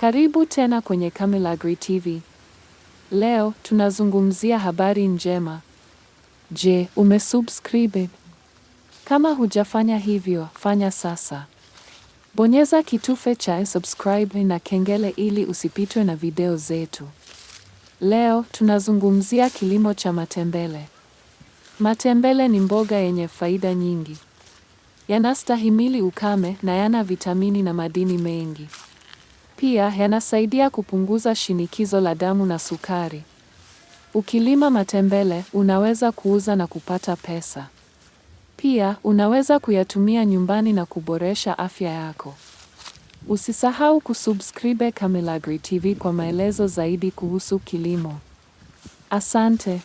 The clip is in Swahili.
Karibu tena kwenye Camilagri TV. Leo tunazungumzia habari njema. Je, umesubscribe? Kama hujafanya hivyo, fanya sasa. Bonyeza kitufe cha subscribe na kengele ili usipitwe na video zetu. Leo tunazungumzia kilimo cha matembele. Matembele ni mboga yenye faida nyingi. Yanastahimili ukame na yana vitamini na madini mengi. Pia yanasaidia kupunguza shinikizo la damu na sukari. Ukilima matembele, unaweza kuuza na kupata pesa. Pia unaweza kuyatumia nyumbani na kuboresha afya yako. Usisahau kusubscribe Camilagri TV kwa maelezo zaidi kuhusu kilimo. Asante.